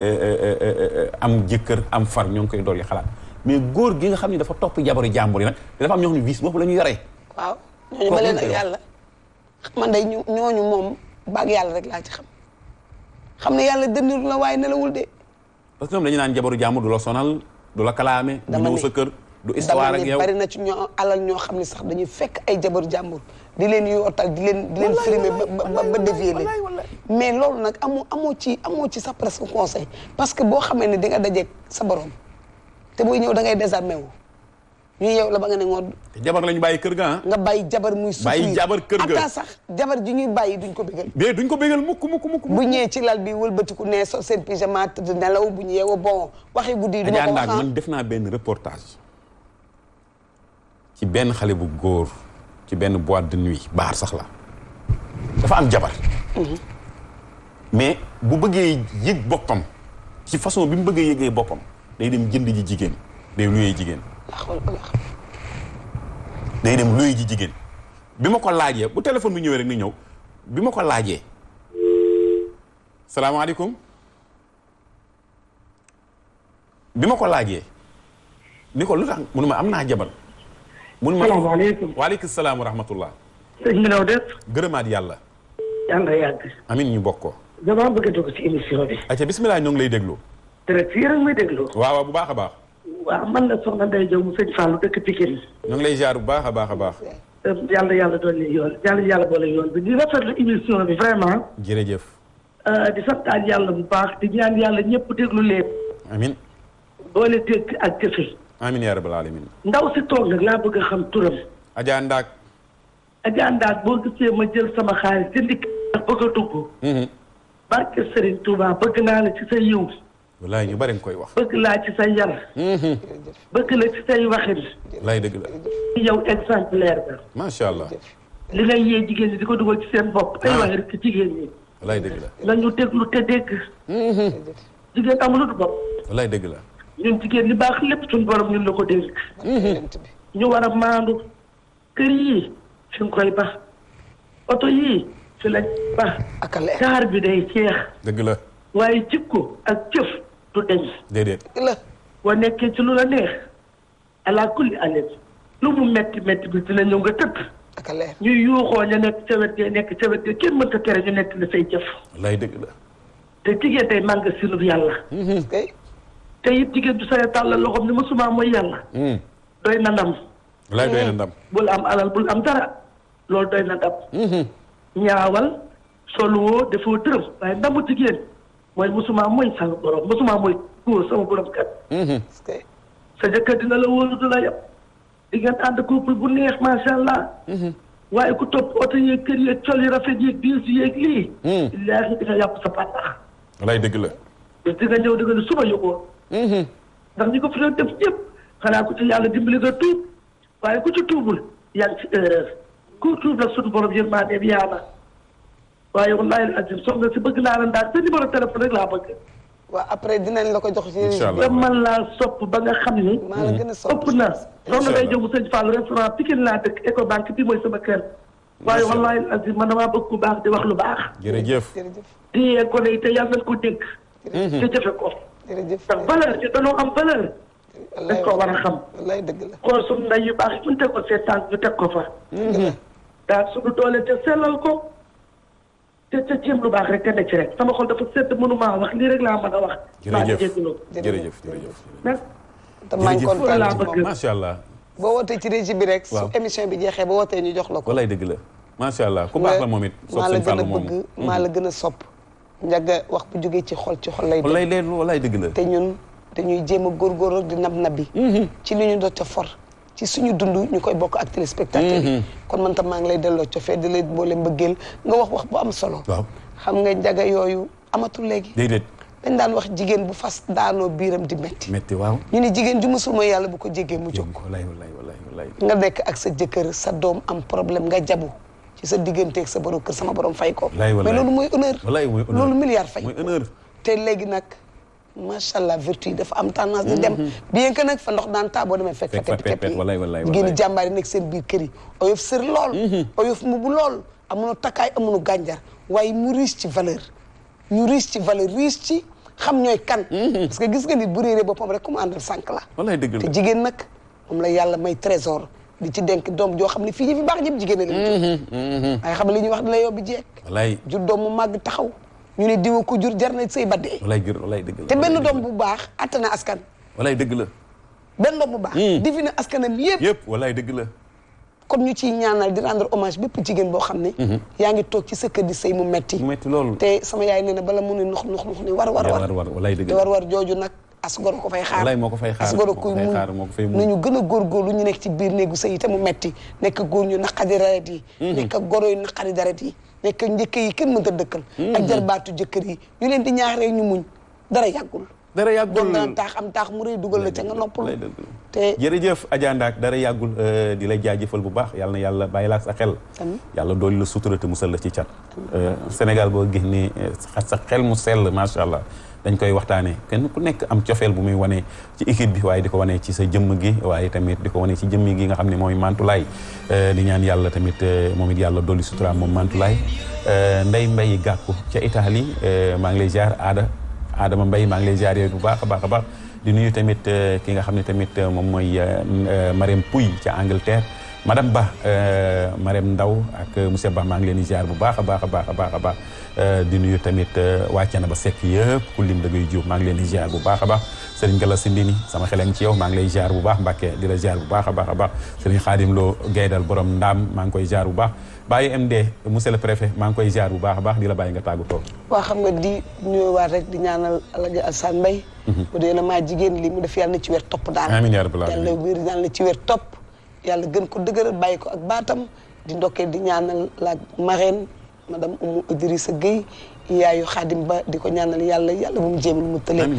Euh, euh, euh, am jëkkër am far ñoo ngi koy dool yi xalaat mais góor gi nga xam ne dafa topp jabaru jàmbur yi nag dafa am ñoo xam ne vice la ñu yoree waaw ñooñu yàlla man day ñu ñooñu moom baag yàlla rek xam xam ne yàlla dënnu la waaye nelawul de parce que dañu naan jabaru jàmbur du sonal du la kalaame du kër du histoire ak yow bari na ci ñoo alal ñoo xam ne sax dañuy fekk ay jabaru jàmbur di leen yootal di leen di leen filmer ba ba dévier mais loolu nag amoo amoo ci amoo ci sax presque conseil parce que boo xamee ne di nga dajeeg te booy ñëw da ngay désarmé wu ñu yow la ba nga ne ngoon. jabar la ñu bàyyi kër gaa ah. nga bàyyi jabar muy. souffrir bàyyi jabar kër ga ataa sax jabar ji ñuy bàyyi duñ ko bégal. mais duñ ko bégal mukk mukk mukk. bu ñëwee ci lal bi wëlbatiku ne so seen pyjama tëdd nelaw bu ñu yeewoo bon waxee guddi. du ma ko waxaan man def naa benn reportage ci benn xale bu góor ci benn boîte de nuit baar sax la dafa am jabar. Mhm. mais bu bëggee yëg boppam ci façon bi mu bëggee yëgee boppam day dem jënd ji jigéen day luyee jigéen. day dem luyee ji jigéen bi ma ko laajee bu téléphone bi ñëwee rek ni ñëw bi ma ko laajee. salaamaaleykum bi ma ko laajee ni ko lu tax munu ma am naa jabar. munu ma salaamaaleykum waaleykum salaam wa rahmatullah. sëñ bi noo def. gërëmaat yàlla. yàlla yàgg. amiin ñu bokk ko. damaa bëgg a dugg ci émission bi. ayca lay déglu. direct yéen a waaw bu baax a baax. waaw man la Soxna Ndeye Diop mu sëñ Fallou dëkk Pikine. ñoo ngi lay jaar bu baax a baax a euh, yàlla yàlla doon nañu yoon yàlla yàlla boole yoon bi di rafetlu émission bi vraiment. jërëjëf. Euh, di santaat yàlla bu baax di ñaan yàlla ñëpp déglu leen. amin boole dégg ak jëfe. amin yaa rabbal alamin. ndaw si toog nag laa bëgg a xam turam. Adja Ndaak. Adja Ndaak boo gisee ma jël sama xaalis jëndi bëgg a dugg. Mm-hmm. barke Serigne Touba bëgg naa la ci sa yiw. wallaay ñu bari nga koy wax. bëgg laa ci sa yar. Mhm. bëgg la ci say waxin. wallaay dëgg la. yow exemplaire la. macha allah. li ngay yee jigéen ñi di ko dugal ci seen bopp. ay ah. wax jigéen ñi. wallaay dëgg la. nañu te dégg. Mhm. jigéen amulut bopp. wallaay dëgg la. ñun jigéen li baax lépp suñu borom ñun la ko dénk. Mhm. ñu war a maandu. kër yii fi nga koy baax. oto yii. su la baax. ak taar bi day jeex. dëgg la. waaye jikko ak jëf du dañ. déedéet. dëgg la. boo nekkee ci lu la neex. ala kulli alal lu mu metti metti bi dina ñëw nga tëdd. ak ñuy yuuxoo ñu nekk ca wet nekk ca gi ga kenn mënta tere ñu nekk la say jëf. lay dëgg la. te jigéen day mànga sinub yàlla. Mm-hmm. te it jigéen du saye tàllal loxoom ni mosuma mooy yàlla. Mm. doy na ndam. lay doy na bul am alal bul am dara. loolu doy na ndam. Mm-hmm. ñaawal soluwoo dafoo dërëm waaye ndamu jigéen mooy musuma mooy sama borom musuma mooy góor sama borom mhm. sa jëkkër dina la wóolu du la yab di ngeen ànd couple bu neex macha allah. Mhm. waaye ku topp oto yeeg kër yeeg col yi rafet yeeg biir si yeeg lii. Mhm. illaahi sa pàttax. walaay dëgg la. bés di nga ñëw di nga ne suba ndax ñi ko fi doon def ñëpp xanaa ku ci yàlla dimbali nga tuub waaye ku ci tuubul yaa ci erreur. ku tuub la suñu borom yërmandeem yaa la waaye wallaahi alazim soxna si bëgg laa la ndaal sa numéro téléphone rek laa bëgg. waaw après dinañ la ko jox ci. incha allah man laa sopp ba nga xam ni. maa la gën a sopp ëpp na. soxna day jóg sëñ Fall restaurant Pikine laa dëkk Ecobank bi mooy sama kër. waaye wallaahi alazim man damaa bëgg ku baax di wax lu baax. jërëjëf jërëjëf. di yee ko lay te yàlla nañ ko dégg. te jëfe ko. jërëjëf ndax valeur ci dañoo am valeur. dañ ko war a xam. wallaay dëgg la xool suñu ndey yu baax yi ñu teg ko seetaan ñu teg ko fa. daal suñu doole te sellal ko te te jéem lu baax rek te ne ci rek sama xol dafa sedd mënumaa wax lii rek laa mën a wax. macha allah. boo wootee ci régie bi rek. su émission bi jeexee ba wootee ñu jox la ko. walaay dëgg la macha allah ku baax moom it. maa la gën a bëgg mm-hmm. maa la gën a sopp njagga wax bu jógee ci xol ci xol lay. walaay leen walaay dëgg la te ñun dañuy jéem a góorgóorlu di nab nabi. Mm-hmm. ci li ñu doon te for ci suñu dund ñu koy bokk ak téléspectateurs yi mm-hmm. kon man tam maa ngi lay delloo cofee di lay boole mbëggeel nga wax wax bu am solo xam nga njaga yooyu amatul léegi déedéet dañ daan wax jigéen bu fas daanoo biiram di métti métti waaw ñu ne jigéen ju musul mooy yàlla bu ko jégee mu jóg walaay walaay walaay nga nekk ak sa jëkkër sa doom am problème nga jabu ci sa digganteeg sa borom kër sama borom fay ko mais loolu mooy honneur loolu milliard fay te léegi nag macha allah vertu dafa am tendance di dem mm-hmm. bien que nag fa ndox daan taa boo demee fekk fa tepp tepp yi jigéen ñi jàmbaar yi nekk seen biir kër yi oyof sër lool mm-hmm. oyof mbubu lool amuñu takkaay amuñu gànjar waaye mu riis ci valeur ñu riche ci valeur riche ci xam ñooy kan mm-hmm. parce que gis nga ni bu réeree boppam rek comme àndal sànq la wallaay dëgg la jigéen nag moom la yàlla may trésor di ci denk doom joo xam ne fii ñi fi baax ñëpp jigéen a leen waaye xam li ñuy wax da la yóbbu jeeg wallaay jur doom mu màgg taxaw ñu ne diwa ko jur jar na sëy ba dee. walaay jur walaay dëgg la te benn doom bu baax attana askan. walaay dëgg la. benn doom bu baax. Hmm. defi na askanam yëpp. yëpp walaay dëgg la. kon ñu ciy ñaanal di rendre hommage bépp jigéen boo xam ne. Hmm. yaa ngi toog ci sa kër di sëy mu metti mu metti loolu te sama yaay na bala mu ne war war war. walaay dëgg la war war jooju nag. as goro ko fay xaar walaay moo ko fay xaar as goro gën a góorgóorlu ñu nekk ci biir néegu sëy te mu metti nekk góor ñu naqari deret yi. Hmm. nekk goro yu naqari deret yi mais que njëkk yi kenn mënta dëkkal hmm. ak jarbaatu jëkkër yi ñu leen di ñaax rek ñu muñ dara yàggul dara yàggul dana taax am taax mu rëy dugal la ca nga noppalu te jërëjëf Adja Ndaak dara yàggul euh, di lay jaajëfal bu baax yàlla na yàlla bàyyi laa sa xel yàlla dooli la sutura musal la ci cat euh, Sénégal boo génnee euh, sa xel mu sel macha allah dañ koy waxtaanee kenn ku nekk am cofeel bu muy wane ci équipe bi waaye di ko wanee ci sa jëmm gi waaye tamit di ko wane ci jëmmi gi nga xam ne mooy Mantoulaye di ñaan yàlla tamit moom it yàlla dolli sutura moom Mantoulaye Ndeye Mbaye Gakou ca Italie maa ngi lay ziar aada Adama Mbaye maa ngi lay ziare bu baax a baax a baax di nuyu tamit euh, ki nga xam ne tamit euh, moom mooy euh, Marème Pouy ca Angleterre. madame Ba euh, Marème Ndaw ak monsieur Ba maa ngi leen di ziar bu baax a baax a baax a baax a baax euh, di nuyu tamit euh, wàcce na ba sekk yëpp ku lim da ngay juub maa ngi leen di ziar bu baax a baax Serigne Gala Sindini sama xeleen ci yow maa ngi lay ziar bu baax Mbàkke di la ziar bu baax a baax a baax Serigne Xaadim Lo Gaydal borom ndaam maa ngi koy jaar bu baax Baye MD monsieur le préfet maa ngi koy ziar bu baax baax di la bàyyi nga tàggatoo. waa xam nga di nuyuwaat rek di ñaanal Alaaji Assane Mbaye mhm. bu dee na maa jigéen li mu def yàlla na ci weer top daal amiin yaa rabbal aalamiin yàlla wér na ci weer yàlla gën ko dëgëral bàyyi ko ak baatam di ndokkeel di ñaanal la marraine madame Oumou Idrissa Gueye yaayu xaadim ba di ko ñaanal yàlla yàlla bu mu lu mu tële